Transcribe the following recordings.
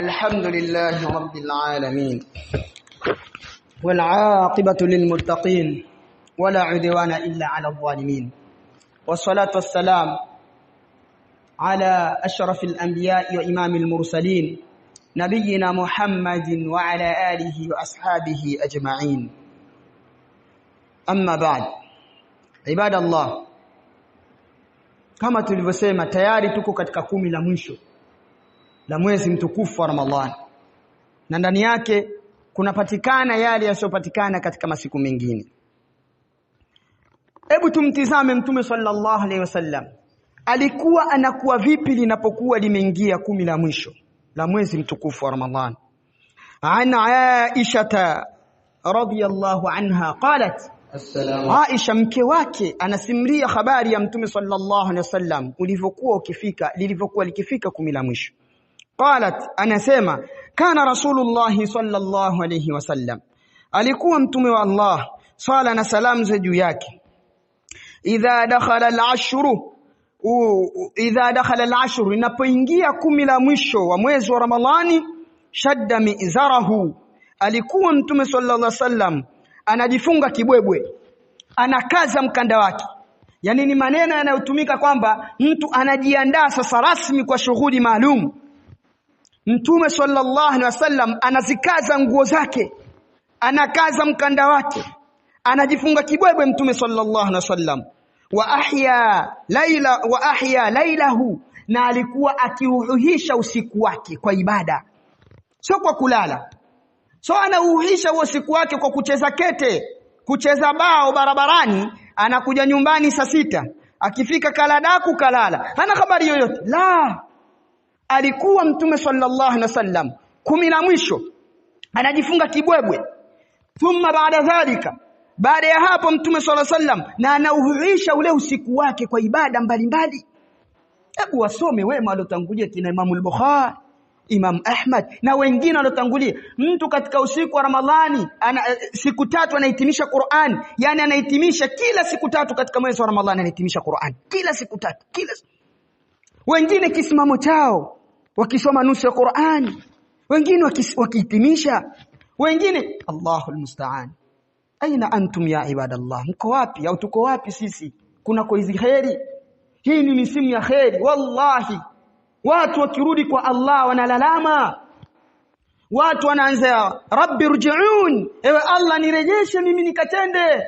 الحمد لله رب العالمين والعاقبة للمتقين ولا عدوان إلا على الظالمين والصلاة والسلام على أشرف الأنبياء وإمام المرسلين نبينا محمد وعلى آله وأصحابه أجمعين أما بعد عباد الله كما tulivyosema تياري تكو katika kumi la mwisho la mwezi mtukufu wa Ramadhani na ndani yake kunapatikana yale yasiyopatikana katika masiku mengine. Hebu tumtizame Mtume sallallahu alaihi wasallam alikuwa anakuwa vipi linapokuwa limeingia kumi la mwisho la mwezi mtukufu wa Ramadhani. An Aisha radhiyallahu anha qalat Aisha mke wake anasimulia habari ya Mtume sallallahu alaihi wasallam ulivyokuwa ukifika lilivyokuwa likifika kumi la mwisho qalat anasema kana rasulullah sallallahu alayhi wasallam alikuwa mtume wa Allah swala na salamu za juu yake idha dakhala al-ashru idha dakhala al-ashru inapoingia kumi la mwisho wa mwezi wa ramadhani shadda mizarahu alikuwa mtume sallallahu alaihi wasallam anajifunga kibwebwe anakaza mkanda wake yaani ni maneno yanayotumika kwamba mtu anajiandaa sasa rasmi kwa shughuli maalum Mtume sallallahu alaihi wasallam anazikaza nguo zake, anakaza mkanda wake, anajifunga kibwebwe Mtume sallallahu alaihi wasallam wa ahya laila wa ahya lailahu, na alikuwa akiuhuhisha usiku wake kwa ibada, sio kwa kulala. So anauhisha huo usiku wake kwa kucheza kete, kucheza bao barabarani, anakuja nyumbani saa sita, akifika kaladaku kalala, hana habari yoyote la alikuwa mtume sallallahu alaihi wasallam kumi na mwisho anajifunga kibwebwe thumma baada dhalika baada ya hapo mtume sallallahu alaihi wasallam na anauhuisha ule usiku wake kwa ibada mbalimbali hebu wasome wema waliotangulia kina Imam al-Bukhari Imam Ahmad na wengine waliotangulia mtu katika usiku wa Ramadhani ana, eh, siku tatu anahitimisha Qur'an yani anahitimisha kila siku tatu katika mwezi wa Ramadhani anahitimisha Qur'an kila siku tatu kila wengine kisimamo chao wakisoma nusu ya Qur'ani wengine wakihitimisha wengine Allahu almusta'an aina antum ya ibadallah mko wapi au tuko wapi sisi kuna kwa hizi kheri hii ni misimu ya kheri wallahi watu wakirudi kwa Allah wanalalama watu wanaanza rabbi rji'un ewe Allah nirejeshe mimi nikatende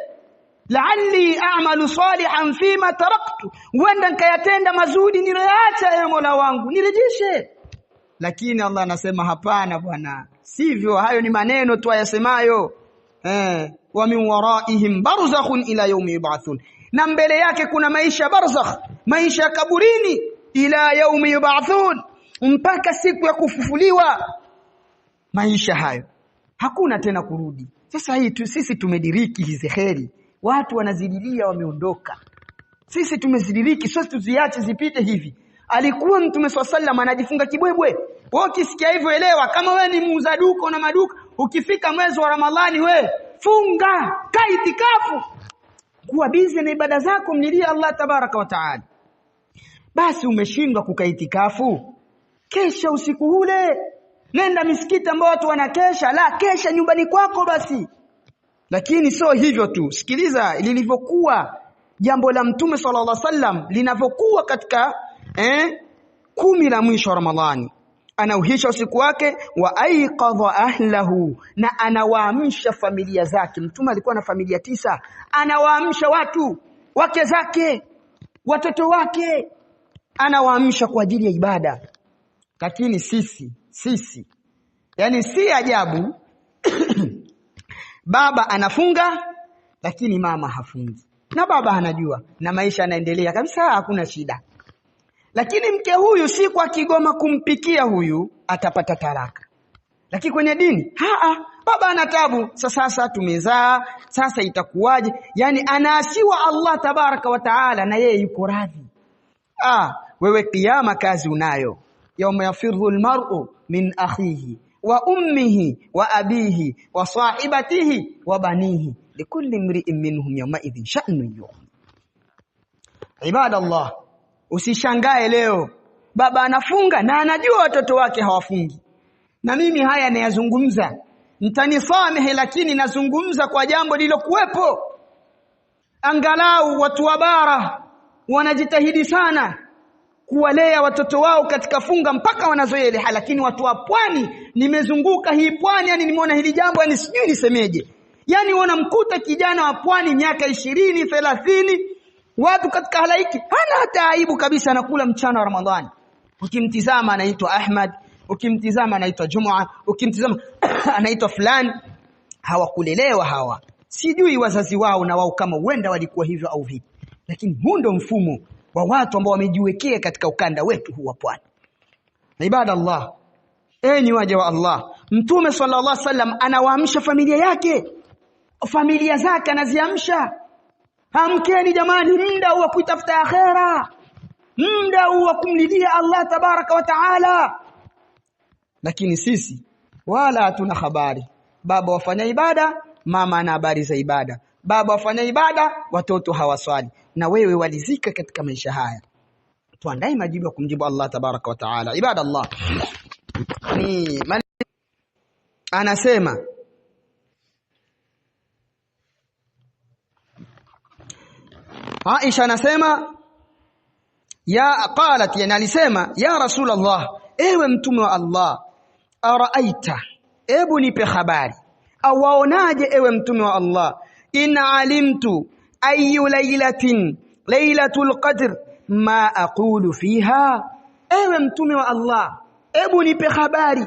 la'alli a'malu salihan fima taraktu, huenda nikayatenda mazuri niliyoacha. Ewe Mola wangu nirejeshe. Lakini Allah anasema hapana, bwana, sivyo. Hayo ni maneno tu ayasemayo eh, wa min waraihim barzakhun ila yaumi yub'athun, na mbele yake kuna maisha barzakh, maisha ya kaburini, ila yaumi yub'athun, mpaka siku ya kufufuliwa. Maisha hayo hakuna tena kurudi. Sasa hii tu sisi tumediriki hizi heri watu wanazidilia wameondoka sisi tumezidiliki, sasa tuziache zipite hivi alikuwa mtume swalla anajifunga kibwebwe wewe ukisikia hivyo elewa kama wewe ni muuza duka na maduka ukifika mwezi wa ramadhani we funga kaitikafu kuwa bize na ibada zako mlilie Allah tabaraka wa taala basi umeshindwa kukaitikafu kesha usiku ule nenda misikiti ambao watu wanakesha la kesha nyumbani kwako basi lakini sio hivyo tu, sikiliza lilivyokuwa jambo la Mtume sallallahu alaihi sallam linavyokuwa katika eh, kumi la mwisho wa Ramadhani anauhisha usiku wake wa aiqadha ahlahu, na anawaamsha familia zake. Mtume alikuwa na familia tisa, anawaamsha watu, wake zake, watoto wake, anawaamsha kwa ajili ya ibada. Lakini sisi sisi, yani si ajabu Baba anafunga lakini mama hafungi, na baba anajua, na maisha yanaendelea kabisa, hakuna shida. Lakini mke huyu si kwa kigoma kumpikia huyu atapata talaka, lakini kwenye dini haa, baba ana tabu sasa. Sasa tumezaa sasa, itakuwaje? Yani anaasiwa Allah tabaraka wa taala, na yeye yuko radhi. Ah, wewe kiama kazi unayo, yauma yafiru lmaru min akhihi wa ummihi wa abihi wa sahibatihi wa banihi likulli mri'in minhum idhin sha'nun yughni. Ibadallah, usishangae leo baba anafunga na anajua watoto wake hawafungi. Na mimi haya nayazungumza, mtanisamehe, lakini nazungumza kwa jambo lilokuwepo Angalau watu wa bara wanajitahidi sana kuwalea watoto wao katika funga mpaka wanazoeleha lakini watu wa pwani nimezunguka hii pwani yani nimeona hili jambo yani sijui nisemeje yani wanamkuta kijana wa pwani miaka ishirini thelathini watu katika halaiki hana hata aibu kabisa anakula mchana wa ramadhani ukimtizama anaitwa ahmad ukimtizama anaitwa juma ukimtizama anaitwa fulani hawakulelewa hawa sijui wazazi wao na wao kama huenda walikuwa hivyo au vipi lakini huu ndo mfumo wa watu ambao wamejiwekea katika ukanda wetu huu wa pwani. Na ibada Allah, enyi waja wa Allah, Mtume sallallahu alaihi wasallam anawaamsha familia yake, familia zake anaziamsha. Amkeni jamani, muda wa kuitafuta akhera, muda wa kumlilia Allah tabaraka wa taala. Lakini sisi wala hatuna habari, baba wafanya ibada, mama ana habari za ibada baba wafanya ibada, watoto hawaswali. Na wewe walizika katika maisha haya. Tuandae majibu ya kumjibu Allah tabaraka wa taala. Ibada Allah ni mani... anasema Aisha anasema ya qalat, yani alisema ya Rasulullah, ewe mtume wa Allah, araaita, ebu nipe habari, awaonaje ewe mtume wa Allah in alimtu ayu laylatin laylatul qadr ma aqulu fiha, ewe mtume wa Allah, ebu nipe habari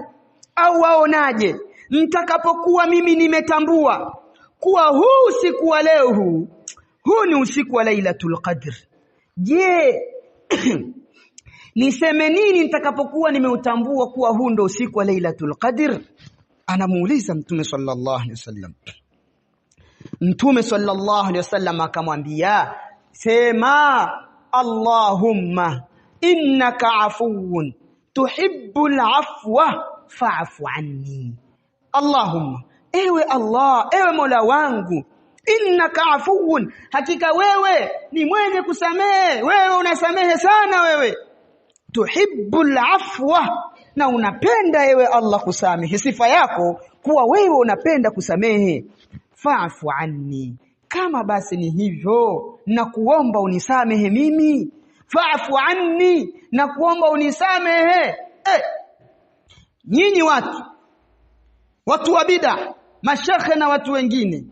au waonaje nitakapokuwa mimi nimetambua kuwa huu usiku wa leo huu huu ni usiku wa lailatul qadr. Je, niseme nini nitakapokuwa nimeutambua kuwa huu ndo usiku wa lailatul qadr? Anamuuliza Mtume sallallahu alaihi wasallam. Mtume sallallahu alaihi wasallam akamwambia, sema Allahumma innaka afuwun tuhibbu lafwa fa'fu anni. Allahumma, ewe Allah, ewe Mola wangu, innaka afuwun, hakika wewe ni mwenye kusamehe, wewe unasamehe sana wewe. tuhibbu afwa, na unapenda ewe Allah kusamehe, sifa yako kuwa wewe unapenda kusamehe fa'fu anni, kama basi ni hivyo, na kuomba unisamehe mimi, fa'fu anni, na kuomba unisamehe eh. Nyinyi watu watu wa bida, mashekhe na watu wengine,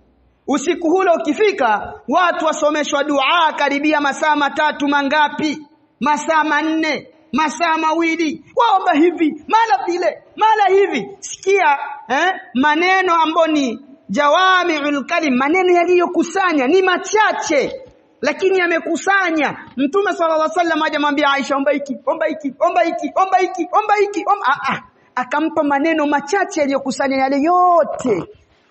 usiku hule ukifika, watu wasomeshwa dua karibia masaa matatu, mangapi? Masaa manne masaa mawili, waomba hivi mara vile mara hivi. Sikia eh, maneno ambayo ni jawamiul kalim, maneno yaliyokusanya ni machache lakini amekusanya. Mtume sallallahu alaihi wasallam hajamwambia Aisha omba hiki omba hiki omba hiki omba hiki omba hiki omba ah, ah. Akampa maneno machache yaliyokusanya yale yote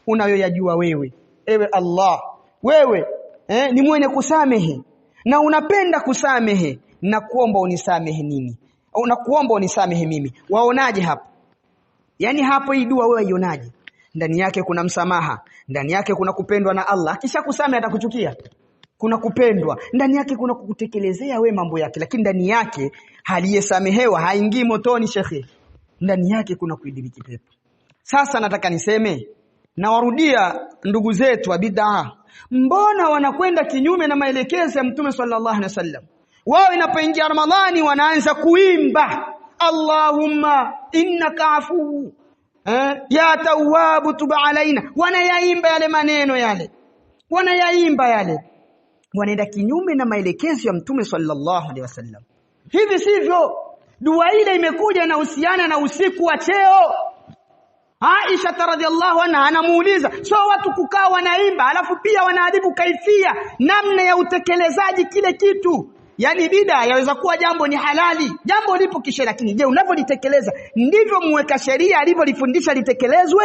unayoyajua wewe, ewe Allah wewe eh, ni mwenye kusamehe na unapenda kusamehe, na kuomba unisamehe nini, na kuomba unisamehe mimi. Waonaje hapo? Yani hapo hii dua wewe ionaje? ndani yake kuna msamaha, ndani yake kuna kupendwa na Allah. Kisha kusame atakuchukia, kuna kupendwa ndani yake, kuna kukutekelezea we mambo yake, lakini ndani yake aliyesamehewa haingii motoni, shekhe, ndani yake kuna kuidiriki pepo. Sasa nataka niseme, nawarudia ndugu zetu wa bid'a, mbona wanakwenda kinyume na maelekezo ya Mtume sallallahu alaihi wasallam? Wao inapoingia Ramadhani wanaanza kuimba Allahumma innaka afuwu Eh? ya tawabu tuba alaina, wanayaimba yale maneno yale, wanayaimba yale, wanaenda kinyume na maelekezo ya Mtume sallallahu alaihi wasallam. Hivi sivyo, dua ile imekuja inahusiana na usiku wa cheo. Aisha radhiallahu anha anamuuliza, so watu kukaa wanaimba, alafu pia wanaadhibu kaifia, namna ya utekelezaji kile kitu Yaani bida yaweza kuwa jambo ni halali, jambo lipo kisheria, lakini je, unavyolitekeleza ndivyo muweka sheria alivyolifundisha litekelezwe?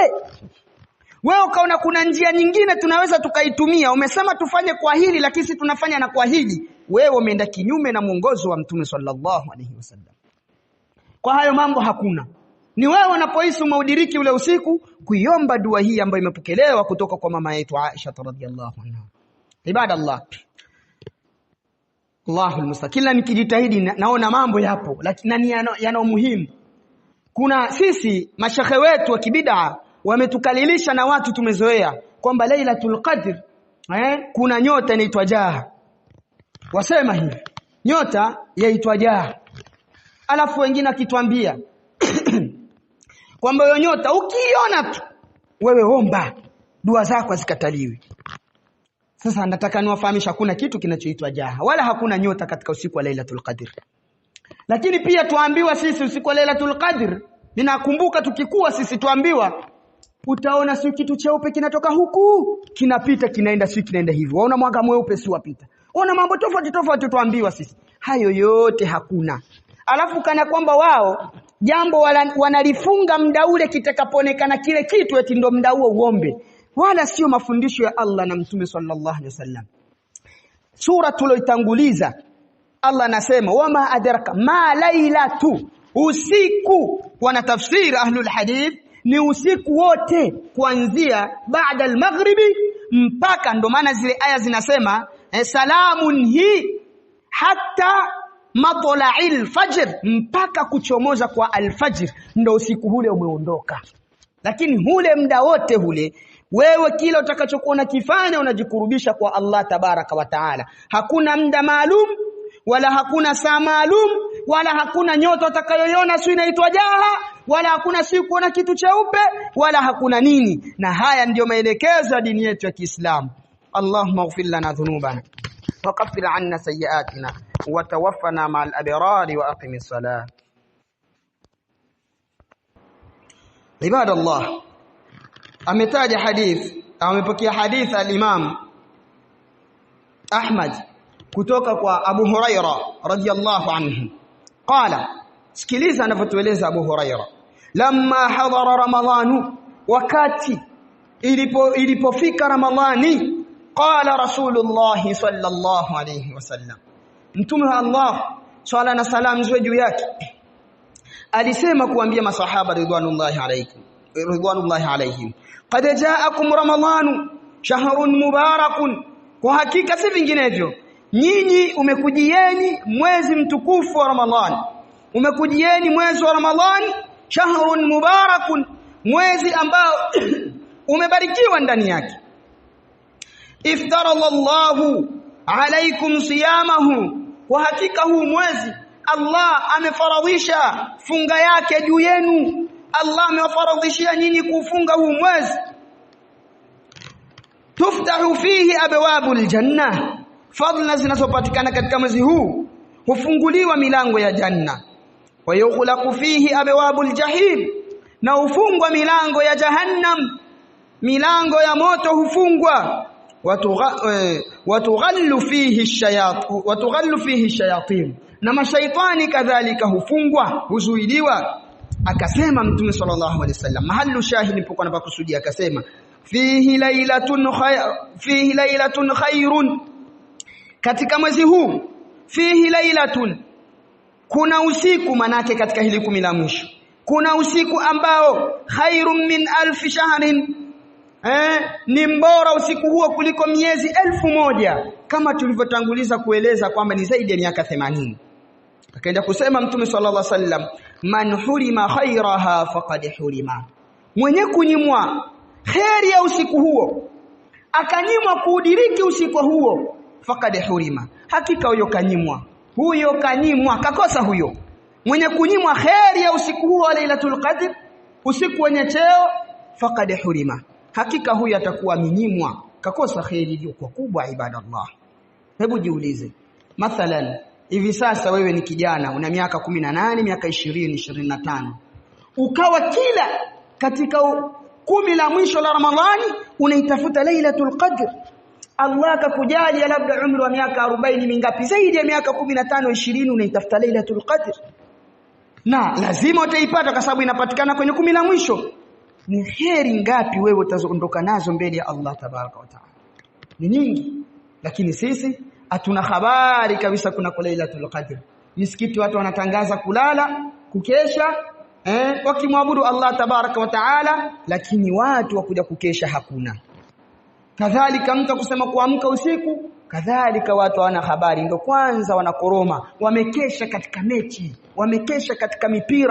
Wewe ukaona kuna njia nyingine tunaweza tukaitumia, umesema tufanye kwa hili, lakini si tunafanya na kwa hili. Wewe umeenda kinyume na mwongozo wa Mtume sallallahu alaihi wasallam. Kwa hayo mambo hakuna ni wewe unapohisi umeudiriki ule usiku kuiomba dua hii ambayo imepokelewa kutoka kwa mama yetu Aisha radhiallahu anha. Ibadallah. Allahu almusta. Kila nikijitahidi naona mambo yapo, lakini yana, yana umuhimu. Kuna sisi mashekhe wetu wa kibidaa wametukalilisha na watu tumezoea kwamba Lailatul Qadr eh, kuna nyota inaitwa Jaha, wasema hivi nyota yaitwa Jaha, alafu wengine akitwambia kwamba hiyo nyota ukiiona tu wewe omba, dua zako zikataliwe. Sasa nataka niwafahamisha hakuna kitu kinachoitwa jaha wala hakuna nyota katika usiku wa Lailatul Qadr. Lakini pia tuambiwa sisi usiku wa Lailatul Qadr, ninakumbuka tukikuwa sisi tuambiwa utaona si kitu cheupe kinatoka huku kinapita kinaenda si kinaenda hivi, Waona mwanga mweupe si wapita. waona mambo tofauti tofauti tuambiwa sisi. Hayo yote hakuna. Alafu kana kwamba wao jambo wanalifunga mda ule kitakapoonekana kile kitu eti ndo mda huo uombe wala sio mafundisho ya Allah na Mtume sallallahu alaihi wasallam. Sura tuloitanguliza Allah anasema wama adraka ma lailatu, usiku. Wana tafsiri ahlul hadith ni usiku wote kuanzia baada almaghribi mpaka, ndo maana zile aya zinasema eh, salamun hi hatta matlai lfajr, mpaka kuchomoza kwa alfajr, ndo usiku ule umeondoka. Lakini hule muda wote hule wewe kila utakachokuwa unakifanya unajikurubisha kwa Allah tabaraka wa taala. Hakuna mda maalum wala hakuna saa maalum wala hakuna nyota utakayoiona si inaitwa jaha wala hakuna siku kuona kitu cheupe wala hakuna nini, na haya ndiyo maelekezo ya dini yetu ya Kiislamu. Allahumma ighfir lana dhunubana wa kaffir anna sayyiatina wa tawaffana ma'al abrari wa aqimis salah. Ibadallah ametaja hadith amepokea hadith al-Imam Ahmad kutoka kwa Abu Huraira radhiyallahu anhu qala sikiliza anavyotueleza Abu Huraira lamma hadara ramadhanu wakati ilipo ilipofika ramadhani qala rasulullah sallallahu alayhi wasallam mtume wa Allah swala na salam ziwe juu yake alisema kuambia masahaba ridwanullahi alaykum ridwanullahi alaihim qad jaakum ramadhanu shahrun mubarakun kwa hakika si vinginevyo nyinyi umekujieni mwezi mtukufu wa ramadhani umekujieni mwezi wa ramadhani shahrun mubarakun mwezi ambao umebarikiwa ndani yake iftara Allahu alaikum siyamahu kwa hakika huu mwezi Allah amefaradhisha funga yake juu yenu Allah amewafaradhishia nyinyi kufunga huu mwezi tuftahu fihi abwabu aljanna fadhila zinazopatikana katika mwezi huu hufunguliwa milango ya janna wa yughlaqu fihi abwabu aljahim na hufungwa milango ya jahannam milango ya moto hufungwa watughallu e, fihi shayatin watughallu fihi shayatin na mashaitani kadhalika hufungwa huzuiliwa akasema mtume sallallahu alaihi wasallam mahallu shahid nilipokuwa kusudia, akasema fihi lailatun khair fihi lailatun khairun katika mwezi huu fihi lailatun kuna usiku manake katika hili kumi la mwisho kuna usiku ambao khairun min alf shahrin eh ni mbora usiku huo kuliko miezi elfu moja kama tulivyotanguliza kueleza kwamba ni zaidi ya miaka 80 akaenda kusema mtume sallallahu alaihi wasallam man hurima khairaha faqad hurima mwenye kunyimwa kheri ya usiku huo akanyimwa kuudiriki usiku huo faqad hurima hakika huyo kanyimwa huyo kanyimwa kakosa huyo mwenye kunyimwa kheri ya usiku huo lailatul qadr usiku wenye cheo faqad hurima hakika huyo atakuwa minyimwa, kakosa kheri iliyokuwa kubwa ibadallah hebu jiulize mathalan hivi sasa wewe ni kijana una miaka kumi na nane miaka ishirini ishirini na tano ukawa kila katika kumi la mwisho la Ramadhani unaitafuta Lailatul Qadr Allah akakujalia labda umri wa miaka 40 mingapi zaidi ya miaka 15 20 unaitafuta Lailatul Qadr na lazima utaipata kwa sababu inapatikana kwenye kumi la mwisho ni heri ngapi wewe utaondoka nazo mbele ya Allah tabaraka wa taala ni nyingi lakini sisi hatuna habari kabisa kuna Lailatul Qadr misikiti watu wanatangaza kulala kukesha eh, wakimwabudu Allah tabaraka wa taala, lakini watu wakuja kukesha hakuna. Kadhalika mtu kusema kuamka usiku, kadhalika watu hawana habari, ndio kwanza wanakoroma, wamekesha katika mechi, wamekesha katika mipira.